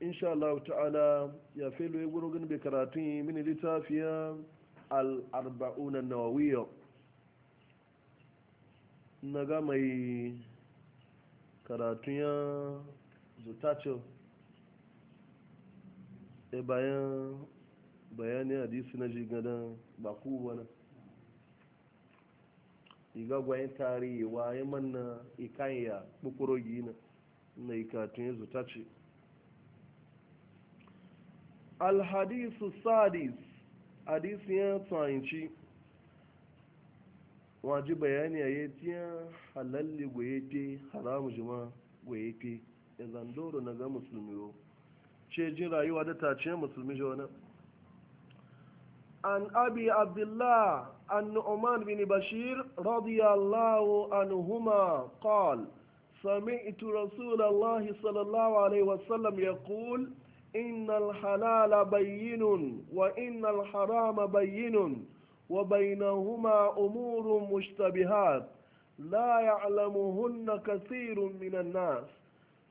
insha Allah ta'ala ya fi ya guru bai karatun mini littafiya al'arba'unan arbauna nawawiyya na ga mai karatun ya zutacin ya e bayan bayani hadisi na jigadan baku wani igagwayen tarihi ya manna ikayya bukurogi na na ikatun ya zutacin alhadisu sadis ya tsanci waji bayani a yi tiyan halalli gwayefe haramu jima gwayefe ya zandoro na ga musulmi ro ce jin rayuwa da taciyar musulmi jona an abi abdullah an nu'man bin bashir radiyallahu anhuma qal sami'tu rasulallahi sallallahu alaihi wasallam yaqul إن الحلال بين وإن الحرام بين وبينهما أمور مشتبهات لا يعلمهن كثير من الناس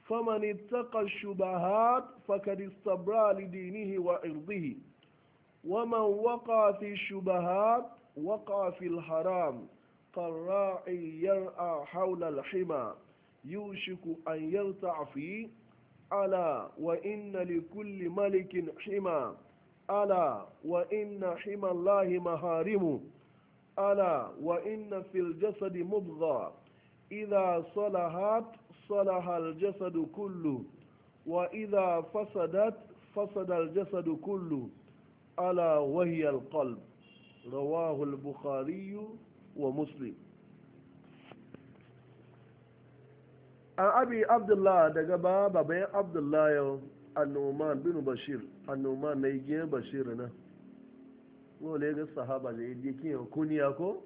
فمن اتقى الشبهات فقد استبرى لدينه وعرضه ومن وقع في الشبهات وقع في الحرام كالراعي يرعى حول الحمى يوشك أن يرتع فيه ألا وإن لكل ملك حمى ألا وإن حمى الله مهارم ألا وإن في الجسد مضغة إذا صلحت صلح الجسد كله وإذا فسدت فسد الجسد كله ألا وهي القلب رواه البخاري ومسلم an abi abdullah daga ba babayen abdullah yau annoman bin bashir annoman na yi bashir na wale ga sahaba da yi kiyan kuniya ko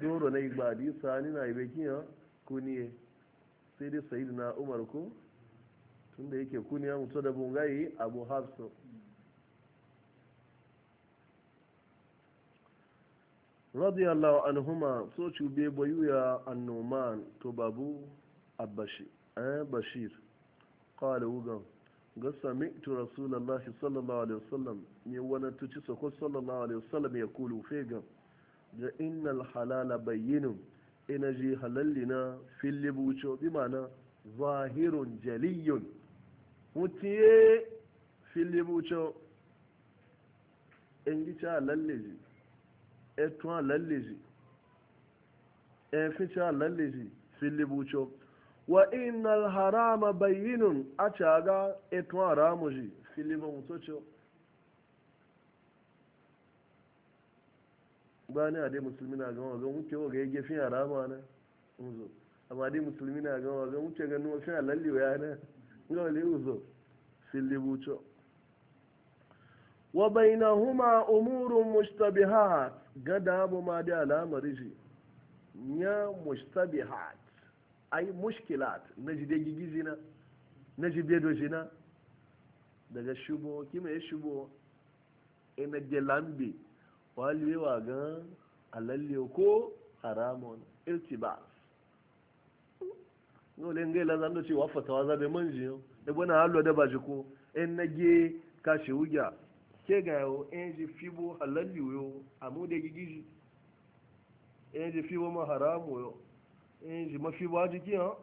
Goro na igbadi sani na ibe kiyan kuniye sai dai sayid na umar ko tunda yake kuniya mutu da bungayi abu hafsu radiyallahu anhuma so cube bayu ya annoman to babu abashi eh bashir qala wugan ga sami'tu rasulullahi sallallahu alaihi wasallam ne wani tuci sako sallallahu alaihi wasallam ya kulu fegan da innal halala bayyinun ina ji halallina fili buco bi mana zahirun jaliyun mutiye fili buco in gica lalle ẹtún àlálèzì ẹ̀fíntì àlálèzì filibucho wa inna harama bayyinun a caga ẹtún àràmù jì filibucho bani a musulmi na gama ga wuce ga yage fin harama na uzo amma musulmi na gama ga wuce ga nuwa fin halalli wa yana ga wa bainahuma umurun mushtabihat gada bu ma da al'amari shi ya mushtabihat ai mushkilat na jide gigizi na na jide doji na daga shubo kima ya shubo ina gelambi wa ga alalle ko haramon irtibas nole ngai la zando ce wa be zabe manjiyo e bona hallo da baji ko en nage kashi wuya ke ga yawo in ji fibo halalli wuyo a mu da gigiji in ji fibo ma haramu wuyo in ji mafi ba jiki ha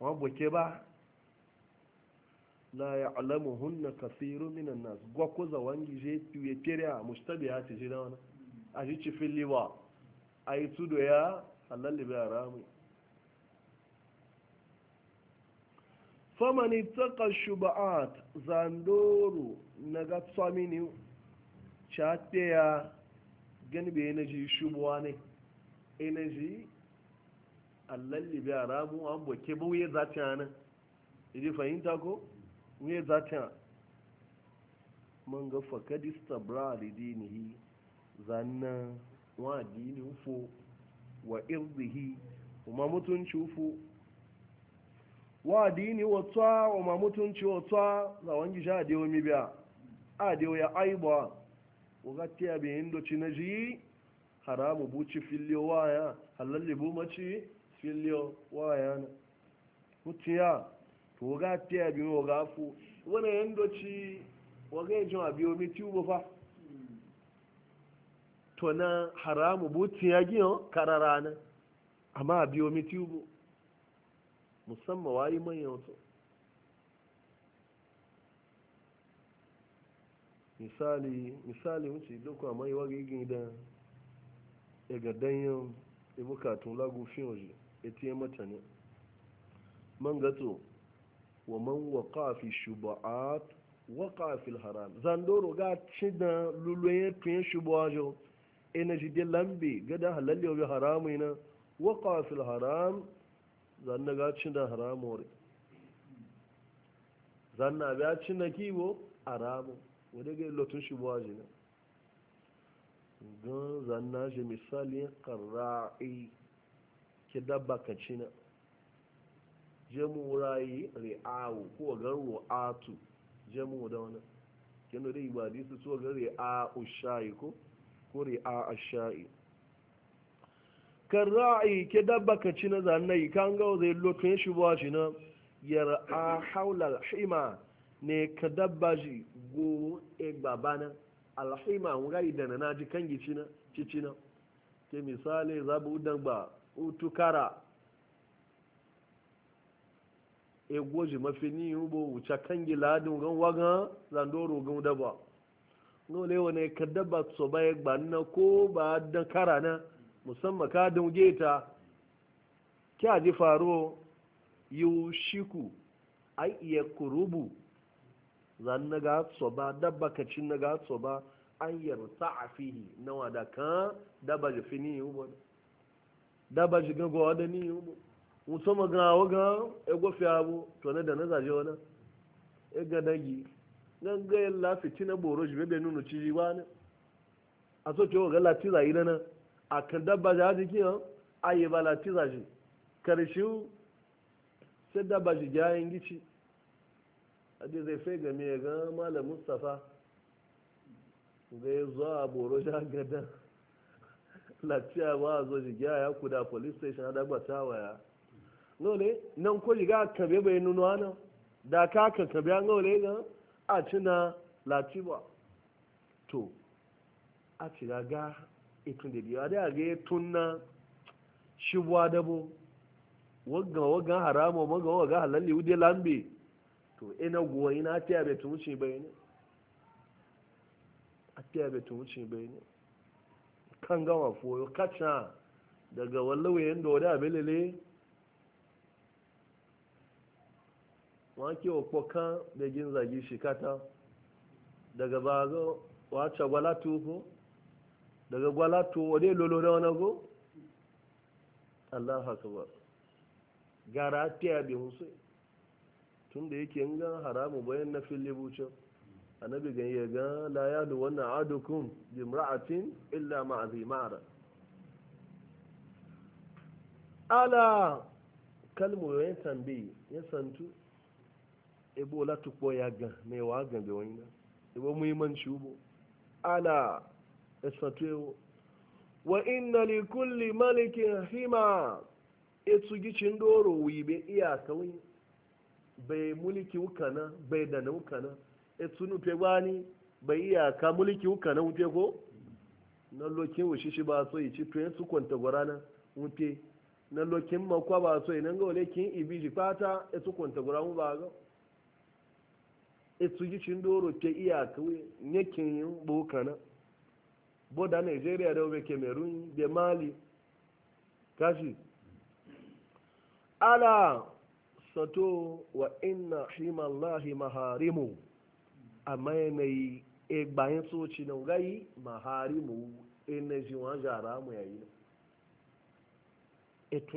wọn buke ba la ya alamu hunna kasiru minan nas gwakko za wangi je tuye kere a mustabi ya ci shi na wani a ji ci fili ba a yi tudo ya halalli bai haramu famani taka shuba'at zandoro na ga tsamini chatte ya ganbe energy shubuwa ne energy allalli bi aramu an boke bu ye zati ana idi fahimta ko ye zati ana man ga fakad istabra li dinihi zanna wa dini ufo wa irdihi kuma mutunci ufo wa dini wotwa wa mamutunci wotwa za wangi sha adewo mi biya adewo ya aiba wakati ya bi na cinaji haramu buci filiyo waya halalli bu maci filiyo waya na mutiya to wakati ya wa gafu wani hindo ci wagai jin abi omi tubo fa to na haramu buci ya giyo kararana amma abi omi tubo musamman wayi manyan wasu. misali misali wuce dokwa mai wagigin ya ga danyen ibukatun lagun fiye waje ya mata ne man gato wa man waka fi shuba'at waka fi haram zandoro ga cidan lulluyen fiye shuba'a jau energy de lambe gada halalliyar yau haramu na waka haram zanna ga cin da haramu zanna ga cin da kibo haramu wadda ga lotun shi buwa jina don zanna shi misalin karra'i ki dabba ka cina jemu rayi ri'awu ko ga ru'atu jemu da wani kinu da ibadisu su so ga ri'a'u shayi ko ko ri'a ash-shayi kan ra'ayi ke dabba ka ci na zanai kan ga zai lokacin shi ba shi na yar a haula alhima ne ka dabba shi go e na. alhima mun yi da na ji kan gici na cici na ke misali za bu udan ba utukara e goji mafi ni ubo wuce kan ladin gan wagan zandoro gan dabba no le wani ka dabba so ba ya gbanna ko ba dan kara na musamman ka dunge ta kya ji faro yushiku ai iya kurubu zan na ga ba dabba kacin na ga ba an yarta a fihi na wada kan dabba ji fini yi ubo dabba ji gago wada ni yi ubo musamman ga ga ego fi abu to na da na zaje wani e ga dagi gangayen lafi na boro shi bebe nuna ciji ba ne a so ce wa ga lati zai na nan a kan dabba da haji kiyan yi bala tiza ji karshe sai dabba shi gyayen gici ji zai fai game ya ga malam mustapha zai zo zuwa a boro shi gadan lafiya ba a zo shi gyaya kuda police station a dagba waya nole nan ko jiga kabe bai nuna nan da ka ka kabe an nole ga a cina latiba to a ci ga itun da biyu a da ga tun na shibuwa dabo wagga wagga haramu wagga wagga halalli wude lambe to ina guwa ina ta yabe tun wuce bai ne a ta yabe tun wuce bai ne kan gama foyo kacha daga yin da wada belele wake wa kan da gin zagi shi kata daga baga wacce gwala tuho daga gwalato wadai lolo na wani go allah ba. gara tiya bi musu tun da yake yin gan haramu bayan na fili bucin annabi gan ya ga la ya lu wannan adukun bi imra'atin illa ma azi ma'ara ala kalmu yan tambi ya santu Ebola tukpo ya gan me wa gan be wani ebo muhimmanci ubo ala esfatuewo wa inna li kulli malikin hima etu gicin doro wibe iyaka wani bai mulki wukana bai dana wukana etu nufe gwani bai iya iyaka mulki wukana wufe ko na lokin wushishi ba so yi ci tuyen su kwanta gwarana wufe na lokin makwa ba so yi nan ga wale kin ibiji fata etu kwanta gwaramu ba ga etu gicin doro ke iyaka wani yakin yin bukana boda nigeria da obe cameroon mali kashi ala sato wa inna himallahi maharimu amma yanayi egbayin tsoci na gayi maharimu energy wọn jara mu yayi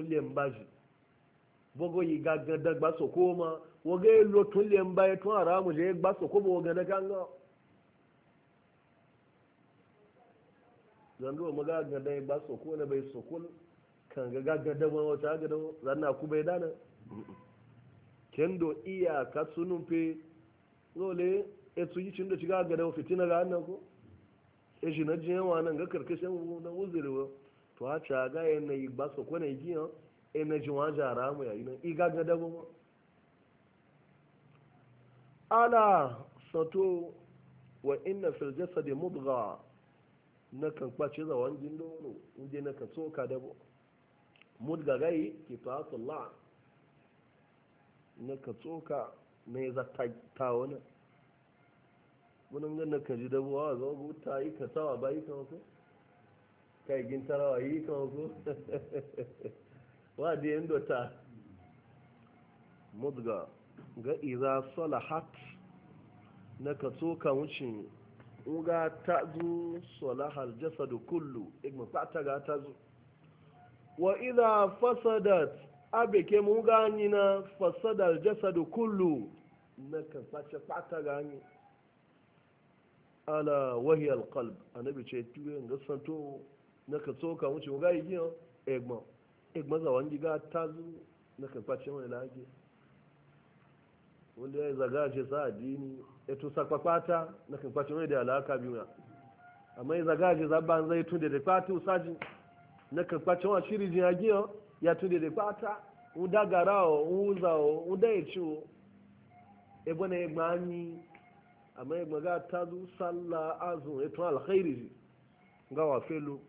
na mbaji bogo yi gaggan dagba woga ilo tulle mbaye tun ara mu je gba sokoma woga ganga zando mu ga gadan ba ko na bai soko kan ga da ba wata gada zanna ku bai dana kendo iya ka sunun fe lole e su yi cindo ciga gadan fitina ga annan ko e shi na jiyan wannan ga karkashin na uzuri to ha ca ga yan e na yi ba ko na yi e na jiwa jara mu yayi nan i ga gada ba ala sato wa inna fil jasadi mudgha na kan kwace za wangin doro inda na kan soka dabo mud ga gai ki ta sallah na kan soka na za ta ta wani wani ga na kan ji dabo wa ga go ta yi ka sawa wasu ka yi kai gin tarawa yi kan wasu wa di endo ta mud ga ga idza salahat na kan soka wucin nga tazu salahal jasadu kullu igma ta ga ta zu wa idha fasadat ke mu ga ni na fasadal jasadu kullu na kan ta ga ni ala wahi qalb anabi ce tuwe ga santo na ka tsoka wuce mu ga yi egma egma za wangi ga ta zu na kan fata wani lage wanda ya zaga ce sa addini ya tusa kwakwata na kan kwace da alaka biyu na amma ya zaga ce zaban zai tunde da kwata usajin na kan kwace wa shiri jin agiyo ya tunde da kwata un da garawo un uzawo un da ya ciwo e bane ya gbani amma ya gbaga ta zu sallah azun ya tun alkhairi ji ga wa felo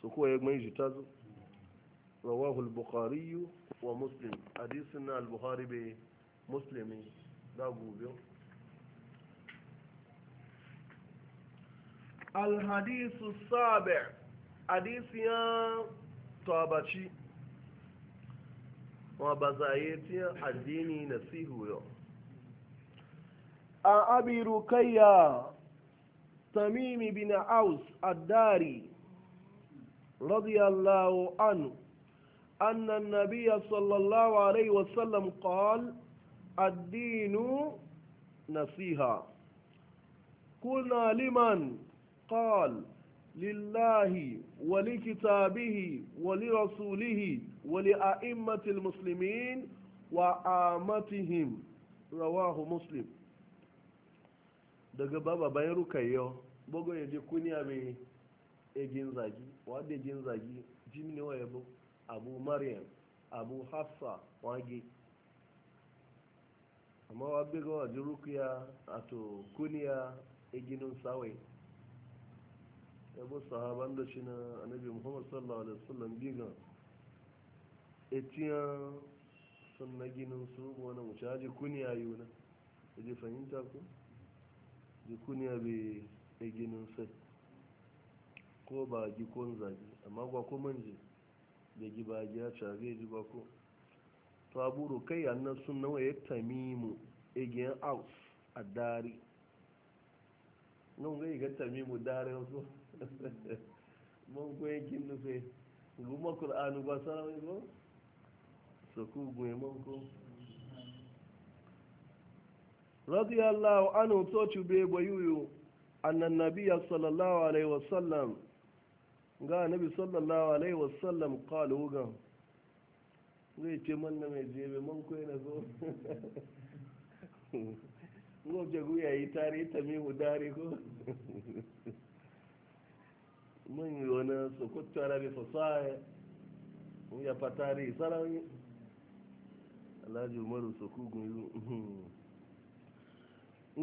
su ko ya gbani ji ta zu rawahu al wa muslim hadisin al-bukhari bai muslimi دابوبيو الحديث السابع حديث يا طابتشي وبزايتي الديني نسيه يوم أبي رقيا تميم بن عوس الداري رضي الله عنه أن النبي صلى الله عليه وسلم قال addinu nasiha kuna liman qal lillahi wa likitabihi wa lirasulihi wa liaimmatil muslimin wa amatihim rawahu muslim daga baba bayan rukayyo bugu ya ji kuniya mai egin zagi wadda egin zagi jimini abu maryam abu hafsa wage amma wa biga wa jirukiya a to kuniya ginin sawai yabo sahaban da shi na annabi muhammad sallallahu alaihi wasallam biga etiyan sun na ginin su wani mace haji kuniya yi wani ji fahimta ku ji kuniya a ginin sai ko ba gikon zagi amma ba ko manje da shafi ya ji ba ko to kai rukayya na sunna wa ya tamimu again out a dari nan ga iga tamimu dare wasu Mun kwaye kin nufe guma kur'anu ba sarawai ba su ku gwe mun ko radiyallahu anhu to ba bayuyu annan nabiya sallallahu alaihi wasallam ga nabi sallallahu alaihi wasallam kalu gan zai ce man na mai jebe man ko yana zo ngob jagu ya yi tare ta mi dare ko man yi wani sokoto arabi fasaha ya fatare sarari alhaji umaru sokugun yi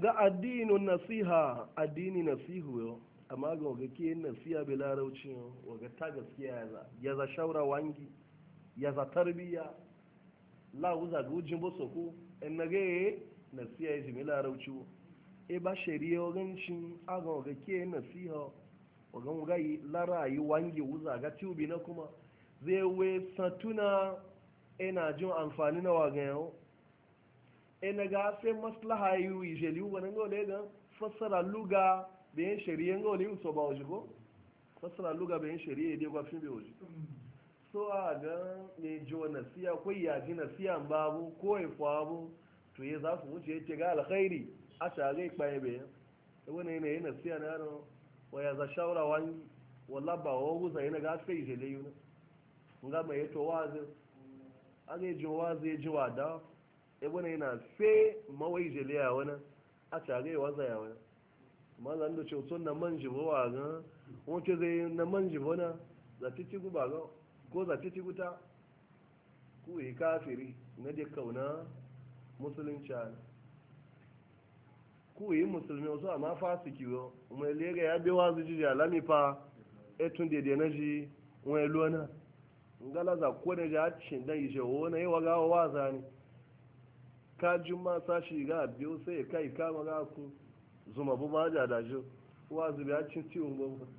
ga addinin nasiha addini nasihu yau amma ga wagake nasiha bi larauci yau waga ta gaskiya ya za shawara wangi ya za tarbiya lawuza ga ujin boso ku en na yi nasiha ya rauci larauci e ba shari'a wagancin aga waga ke nasiha wagan lara yi wange wuza ga tubi na kuma zai we satuna ina e jin amfani na waga yau e na ga sai maslaha yi yi jeli wani ngole ga fassara luga bayan shari'a ngole yi so ba waje ko fassara luga bayan shari'a dai kwafin bai waje so a gan ne ji wa nasiya ko ya ji nasiya babu ko ya fabu to ya za su wuce ya ga alkhairi a shagai kpaye bai da wani yana yi nasiya na yaro wa ya za shawara wani wala ba wa wuza yana ga sai jele yi na nga mai yato wazi a ga ji wazi ya ji wada ya wani yana sai mawai jele ya wani a shagai waza ya wani mazan da ce sun na manjibo wa gan wace zai na manjibo na za ci ci guba gan ko zafi ci wuta ku yi kafiri na da kauna musulunci ana ku yi musulmi wasu amma fasiki yo mai lera ya bewa su da alami fa etun da na ji wani lona ngala za ko da ji hacin dan ishe wo na yi wa gawa waza ne ka juma shi ga biyu sai kai kama ga ku zuma bu ma ja da jo wazu bi hacin ciwon gwamnati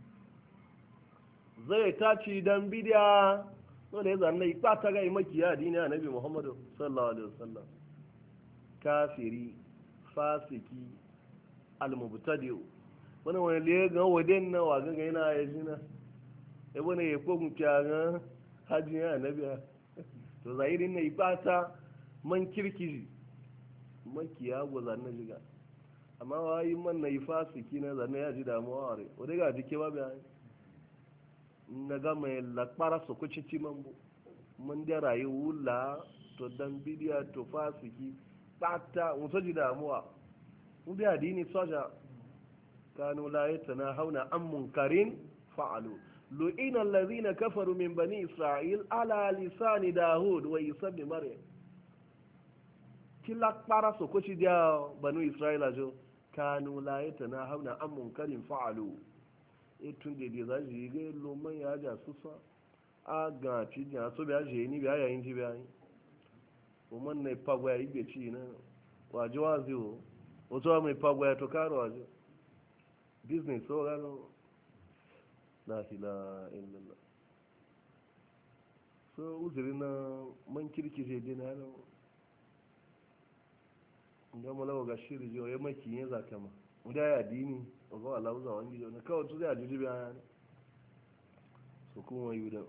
zai tashi dan bidiya dole zanna ipa ta ga makiya dini nabi Muhammadu sallallahu alaihi wasallam kafiri fasiki almubtadi wani wani le ga waden na wa ga yana ya jina e wani ya ko mutiya ga haji ya nabi to zahirin na ipa ta man kirki makiya go zanna jiga amma wayi man na fasiki na zanna ya ji damuwa are wadai ga dike ba bai na gama lakpara su kuci timan bu mun da rayu wula to dan bidiya to fasiki tsata mutu ji damuwa mun bi adini soja kanu la yatana hauna an munkarin fa'alu لئن الذين كفروا من بني إسرائيل على لسان داود وعيسى بن Ki kila kpara kuci da banu isra'ila jo kanu la yatana hauna an munkarin fa'alu etun dede za yi ga lo man ya ja susa a ga ci ja so a je ni biya yayin ji yin o man ne pagwa igbe ci na wa jo azi o o to mai pagwa to karo aje business o ga no la ilaha na so uzuri na man kirki je dina no ngamo lawo ga shiri je o yamaki yin zakama da ya dini a wala uza wani gida na kawai tuzi a jujibi a ne su kuma yi da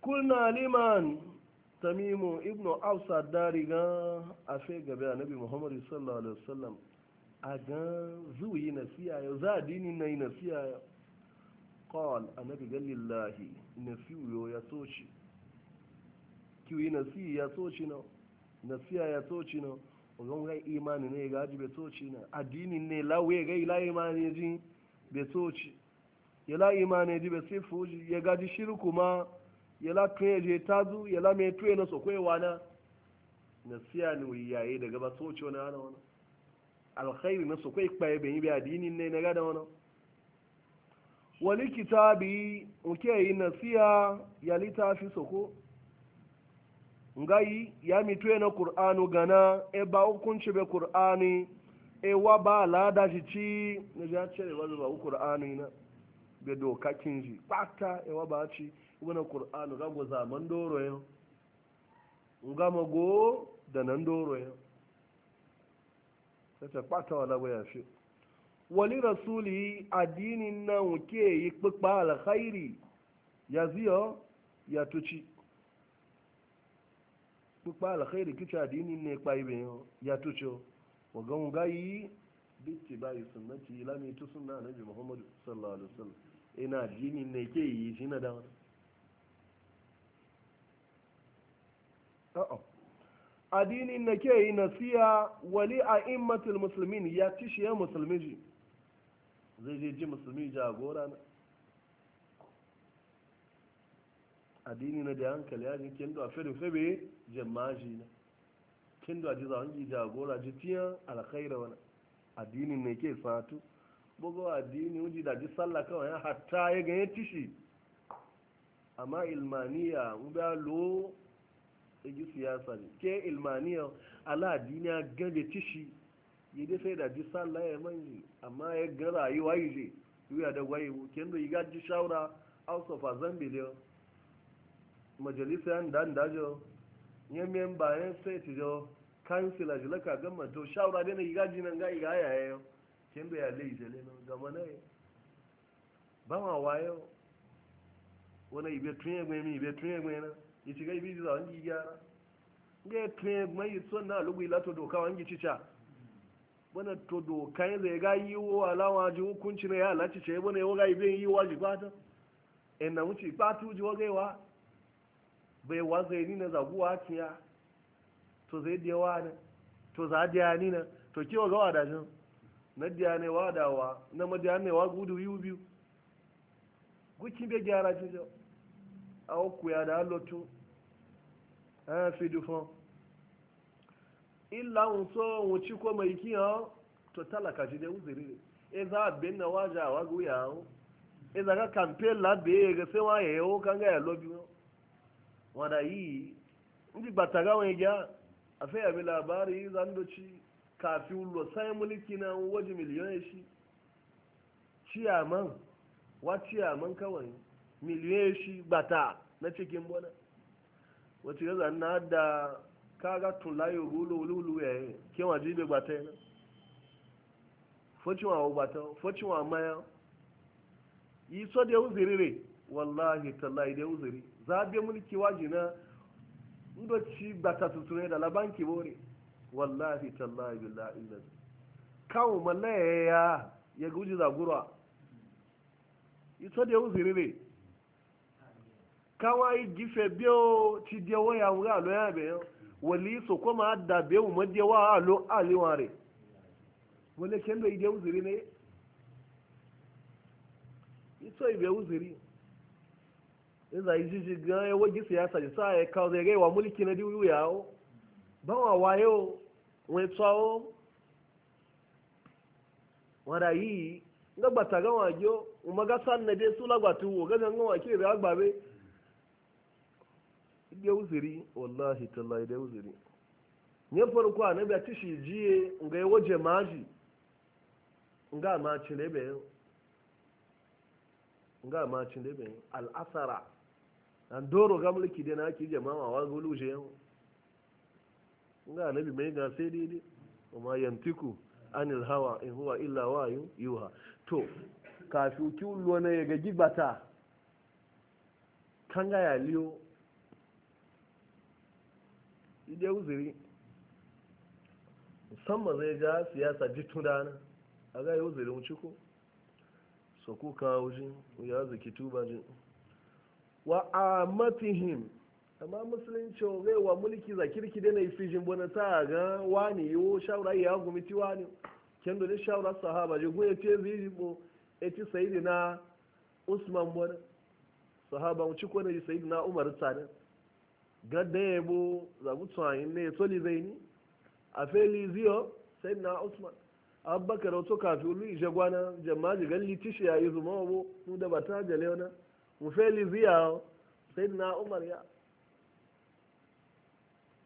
kuna liman tamimu ibnu ausa dari ga a fe gabe a nabi muhammadu sallallahu alaihi wasallam a ga zuwi na siya za a dini na yi na siya yau قال أنا قال لله toci يا توشي كيو نسي يا na na نسي يا na. ogon ga imani ne ga ji betoci na addini ne lawe ga ila imani ji betoci ya la imani ji besifu ya ga ji shirku ma ya la tuye je tazu ya la me tuye na sokwe wana na siya ni wiyaye daga betoci wani ana wani alkhairi na sokwe kpaye ben yi bi addini ne na gada wani wani kitabi uke yi nasiya ya litafi soko ngai ya mitwe na qur'anu gana e ba hukunci be qur'ani e wa ba lada shi ci na ja cire wa ba na be doka kinji pata e wa ba ci wani qur'anu ga go zaman doro yo nga mago da nan doro yo sai pata wala waya shi wali rasuli addinin na ke yi kpikpa alkhairi ya ziyo ya tuci kpukpa alkhairi kicha dini ne kpa ibe yo ya tucho wa gan gayi bitti bai sunnati lámì tó tu náà annabi muhammadu sallallahu alaihi wasallam ina dini ne ke yi shi na da a'a adini ne ke yi nasiya wali a immatul muslimin ya tishi ya musulmi zai je ji jà jagora na addini na da hankali ya jin kendo a fere febe jamaji na kendo a ji za hangi jagora ji tiya alkhaira wani addini ne ke fatu bugu addini wuji da ji sallah kawai ya hatta ya ganye tishi amma ilmaniya mu ba lo igi siyasa ne ke ilmaniya ala addini ya gaje tishi yi dai sai da ji sallah ya manji amma ya gara yi waye je yi da waye kendo yi ga ji shawara out of a zambilion majalisa da da jo nye memba ya sai ti jo kansila ji laka gama to shawara dai na iga jinan ga iga ya yayo kin da ya lai jale no gama na ba ma yo wani ibe tunye egbe mi ibe tunye egbe na iti ga ibi za wangi na ga tunye egbe yi so na lugu ila to doka wangi cica bana to doka yin zai ga yi wo alawa ji hukunci na ya alaci ce bana yi wa ga ibe yi wa ji kwata ena wuce kwatu ji wa gaiwa bai waza ni na zaguwa kiya to zai da wa ne to za da ni na to kiwa ga wada jin na da ne wadawa na madiya ne wa gudu biyu biyu gucin bai gyara jijo a ku ya da lotu a fi dufon illa un so un ci ko mai kiyan to talaka shi dai uzuri ne e za a bin na waje a wagu hau e za ka kamfe labe ga sai wa ya yawo kan ga ya lobi wada yi ndi gbataga wani gya a fai abi labari zandoci kafin lo sai mulki na waje miliyoyin shi ciyaman wa ciyaman kawai miliyoyin shi bata na cikin bona wacce ya zanna da kaga tulayo gulo lulu ya yi kewa jibe bata yana fociwa wa bata fociwa maya yi so da uziri re wallahi tallahi da uziri zaɓe mulki waje na ndoci ba ta tuture da laban kibore wallahi tallahi billahi illa kawo mallaye ya ya guji zagura ito da uziri ne kawai gife biyo ti dewa ya wuri alo ya bayan wali so kuma da biyu madewa alo aliware wale kendo ide uziri ne ito ibe uziri iza yi jiji ga ewe wagi siyasa ji sa ya kawo zai gaiwa mulki na diwu yawo ba wa wayo wai tsawo wada yi gabata ga wajo kuma ga san na dai su lagwata tuwo, ga zan gawa ke da be ya uziri wallahi tallahi da uziri ne farko annabi a tishi jiye nga ewe waje maji nga ma cin da bai nga ma cin da bai al'asara an doro ga mulki dai na ake jama'a wa ga luje yau ga nabi mai ga sai dai kuma yantiku anil hawa in huwa illa wayu yuha to kafi ki ullo na ya gaji bata kan ga ya liyo ide uziri musamman zai ga siyasa jitu dana, a ga ya uziri mu ciko so kuka kawo jin ya zaki tuba jin wa amatihim amma musulunci rai wa mulki za kirki da na yi fijin bane ta ga wani yi wo shawara ya gumiti wani kendo da shawara sahaba je goye ce zai bo e ci sayidi na usman bane sahaba mu ci ko ne sayidi na umar tsada gadda ya bo za ku tsayin ne soli ni a feli ziyo sayidi na usman abubakar wato kafin lu ije gwana jama'a jigan litishi ya yi zuma bo mu da ba ta jale wani Mufeli feli ziya sai na umar ya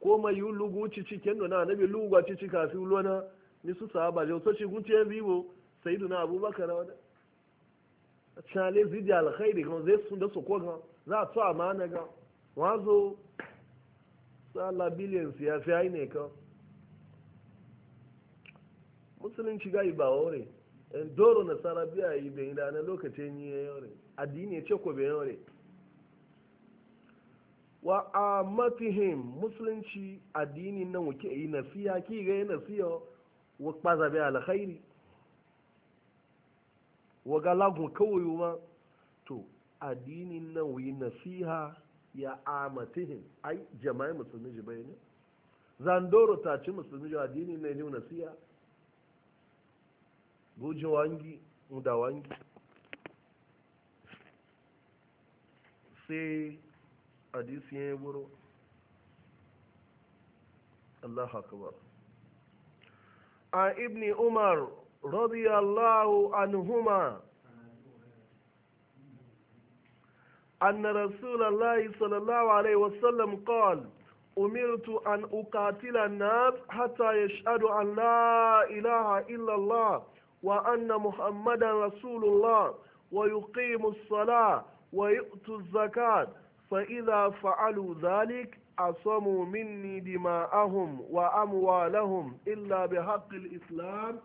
ko mai yi lugu cici kendo na nabi lugu cici kafi lona ni su saba jau so ci gunce sai na abubakar wani cale zidi alkhairi kan zai sun da su ko kan za a ma amana ga wazo sala billions ya fi aine kan musulunci ga iba ore en eh, doro na sarabiya yi da na lokacin yi ya yore addini ce ko bayan ne wa matihim musulunci addini nan wuke yi nasiya ki ga yi nasiya wa kpaza bai alkhairi wa ga lagun kawai ma to addini nan wuyi nasiha ya matihim ai jama'i musulmi ji ne zandoro ta ci musulmi ji addini nan yi nasiha gujin wangi da wangi sai hadisi ya wuro Allah akbar a ibni umar radiyallahu anhuma أن رسول الله صلى الله عليه وسلم قال أمرت أن أقاتل الناس حتى يشهد أن لا إله إلا الله وأن محمدا رسول الله ويقيم الصلاة wa yu'tu zakat fa idha fa'alu dhalik asamu minni dima'ahum wa amwalahum illa bi bihaqqil islam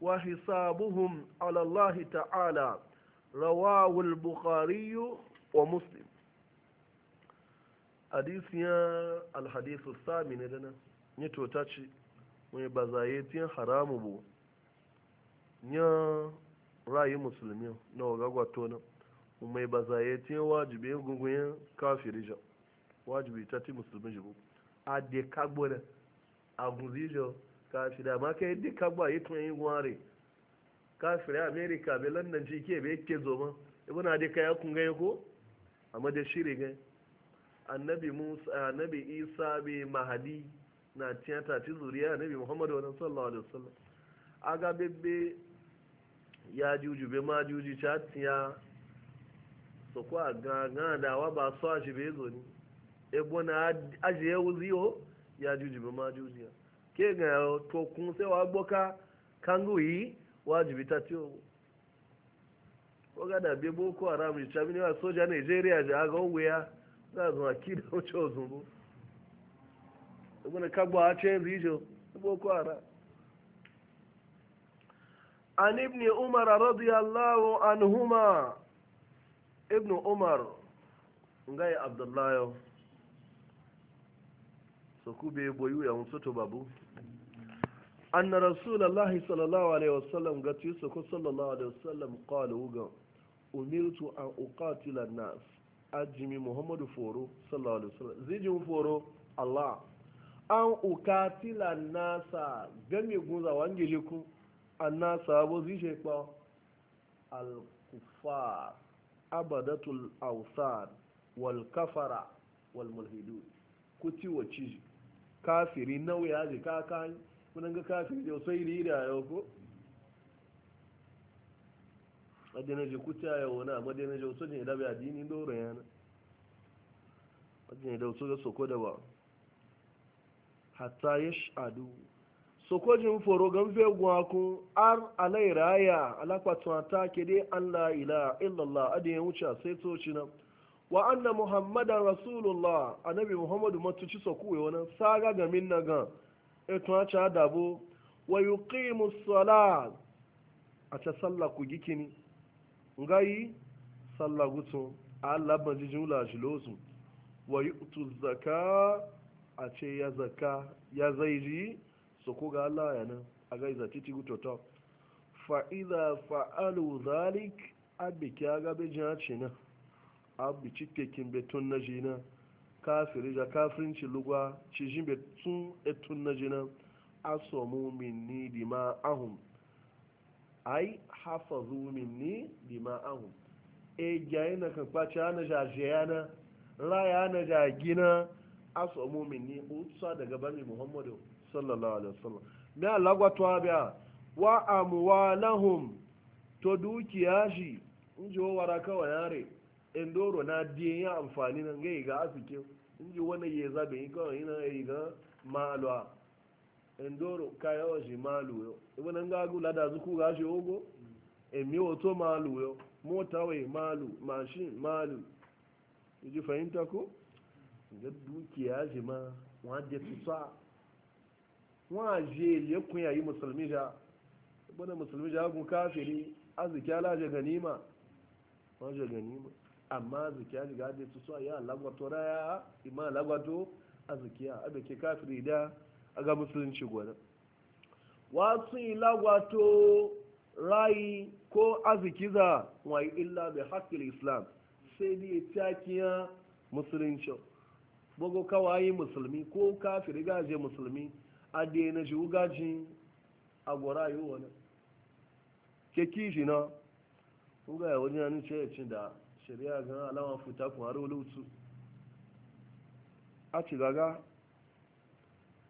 wa hisabuhum ala allah ta'ala rawahu al bukhari wa muslim hadithiya al hadith al thamin lana nitu tachi mai bazayatin haramu bu nya rayi muslimin no gagwato nan mgbe ba za ya ce wajibi ya gungun kafiri jo wajibi ta ti musulmi jibu a de kagbo na a gunzi jo kafiri amma ka yi de kagbo a yi tun yi gware kafiri amerika bai london ci ke bai ke zoma ibi na de ka ya kun gaya ko amma da shiri gai annabi musa annabi isa bai mahadi na tiyata ti zuriya annabi muhammadu wa sallallahu alaihi wasallam aga bebe ya juju be ma juju cha tiya Sokwa kwa gangan da wa ba so a shi bai ni ebo na ajiye wuzi o ya juji ba ma juji ya ke ga to kun sai wa gboka kangu yi wajibi ta ti o ko ga da be boko haram ji chabi ni wa soja nigeria ji aga owe ya za zo akida o cho zumbu ebo e na kagbo a che rijo boko haram عن ابن عمر رضي الله عنهما ibnu umar ngai abdullahi so be boyu ya mutu babu anna rasulullahi sallallahu alaihi wasallam ga tisu ko sallallahu alaihi wasallam qala uga umirtu an uqatila nas ajmi muhammadu foro sallallahu alaihi wasallam ziji foro allah an uqatila nasa gami gunza wangiliku nasa bo zije pa al kufar abadatul ausar wal kafara wal mulhidu kuti wace kafiri nauya ji kakan kunan ga kafiri da sai rira yau ko madina ji ku a yau na madina ji wasu ne da bai adini doron yana madina da wasu ga soko da ba hatta yash'adu sokojin foro gamfe gwaku ar alai raya alakwatuwa ta kede Allah ila illallah adiyan wuce sai toci nan wa anna muhammadan rasulullah annabi muhammadu matuci sokuwe wani saga gamin na gan eto a ca dabo wa yuqimu salat a ta sallah ku gikini ngayi sallah gutun Allah ban jula jilosu wa yu'tu zakka a ce ya zakka ya zaiji so ko ga Allah ya nan a ga iza titi guto ta fa iza fa'alu zalik abbi kya ga be jina ce na abi cike kin be tun na jina kafiri ja kafirin ci lugwa ci jin be tun e tun na jina ni minni ma ahum ai hafazu minni ma ahum e gyayi na kan kwace ana jajiya na raya na jagina min ni utsa daga bami muhammadu sallallahu alaihi wasallam me alagwatwa biya wa amwalahum to dukiya shi in ji wara kawai yare endoro na diyan ya amfani nan ga ga asike in ji wani ya zabe yi kawai yana yi ga a endoro ka wa shi malu yo ibi nan ga gula da zuku ga shi ogo emi oto malu yo mota wai malu mashin malu ji fahimta ko ga dukiya shi ma wadda tusa waje ya yayi musulmi ja bana musulmi ja gun kafiri arziki alaje ganima waje ganima amma arziki ya riga da su so ya lagwato raya ima lagwato arziki ya da ke kafiri da aga musulunci gwada wasu ilagwato rai ko arziki za wai illa bi haƙƙin islam sai dai takiya musulunci bugu kawai musulmi ko kafiri je musulmi A dina shi ji agwara yi wani ke kishi na wuga ya wajen yanin ce ci da shari'a ga alama futa kun har wani wutu a ci gaga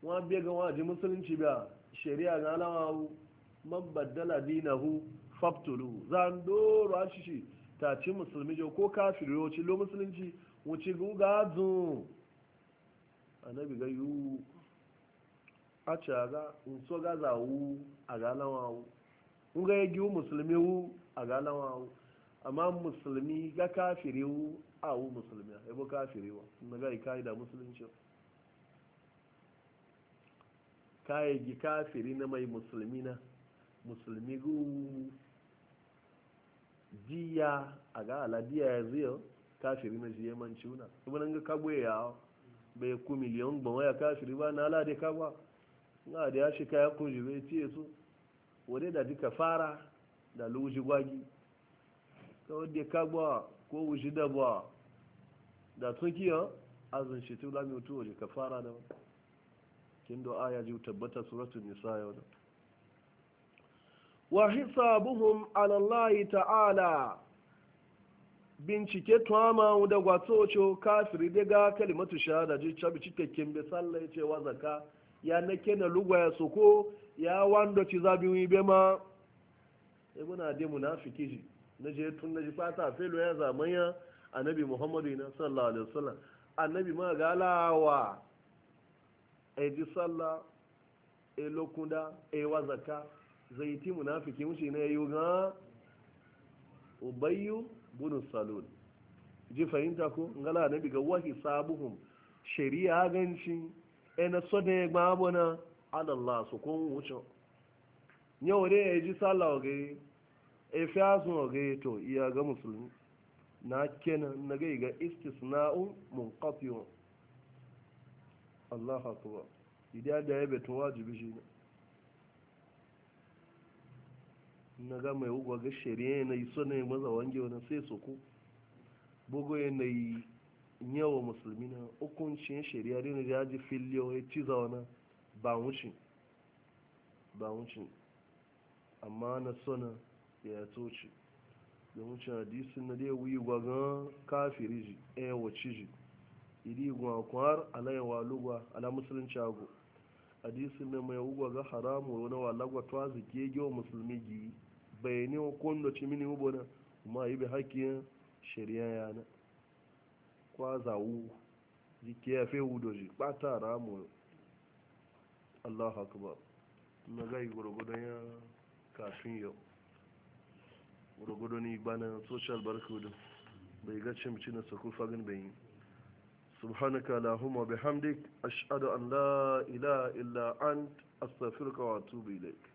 wa biya ga waje musulunci biya shari'a gan alama mabaddala dinahu faptulu zan doro a shi ta ci musulmi ko kafiri yau ci lo musulunci wuce guga zun annabi ga yiwu a ci aga nso gaza wu a galawa wu nga ya giwu musulmi wu a galawa wu amma musulmi ga kafiri wu a wu musulmi ya kafiri wa na ga ikai da musulunci Ka gi kafiri na mai musulmi na musulmi gu diya a ga ala diya ya ziyo kafiri na jiye manci wuna ibi nan ga kagbo ya bai ku miliyon gbọmọ ya kafiri ba na ala de kagbo suna da ya shi kaya kuji zai ciye su wane da duka fara da luji gwagi ta wadda ka gwa ko wuji da ba da tukiya azun shi tu lami mutu wadda ka fara da wani kin da aya ji tabbata suratun nisa yau da wa hisabuhum ala Allah ta'ala bincike tuwama da gwatsocho kafiri daga kalimatu shahada ji cabi cikakken bai sallai cewa zaka ya nake na lugwa ya soko ya wando ci zabi wi be ma e muna de munafiki ji na je tun na ji fata felo ya zamanya annabi muhammadu ina sallallahu alaihi wasallam annabi ma galawa e ji salla e lokunda e wazaka zaiti munafiki mushi ne yi ga ubayyu bunu salul ji fahimta ko ngala annabi ga wahi sabuhum shari'a ganci ena so da ya na adalla su kun wucin yau dai ya ji sallah oge e fi azun oge to iya ga musulmi na kenan na gai ga istisna'un munqati'un Allah akbar idan da ya betun wajibi shi ne na ga mai ugwa ga shari'a na yi so na yi maza wange wani sai su ku bugu na yi yawa musulmi na hukuncin shari'a rin da ya ji filiyo ya ci zaune ba wuce ba wuce amma na sona ya toce da wuce hadisin na dai wuyi gwagon kafiri ji ɗaya eh, wace ji iri gwakwar alayewa lugwa ala musulunci ago hadisin na mai wugwa ga haramu wani walagwa tuwa zike gewa musulmi gi bayani wa kondo ci mini hubona ma yi bi hakkin shari'a yana kwazawu jike ya fe wudoji ɓata ramu allahu akbar na gai gwargwadon ya kafin yau gwargwadon igbana social barcode bai ga cimci na sako fagin bayi سبحانك اللهم وبحمدك أشهد أن لا إله إلا أنت أستغفرك وأتوب إليك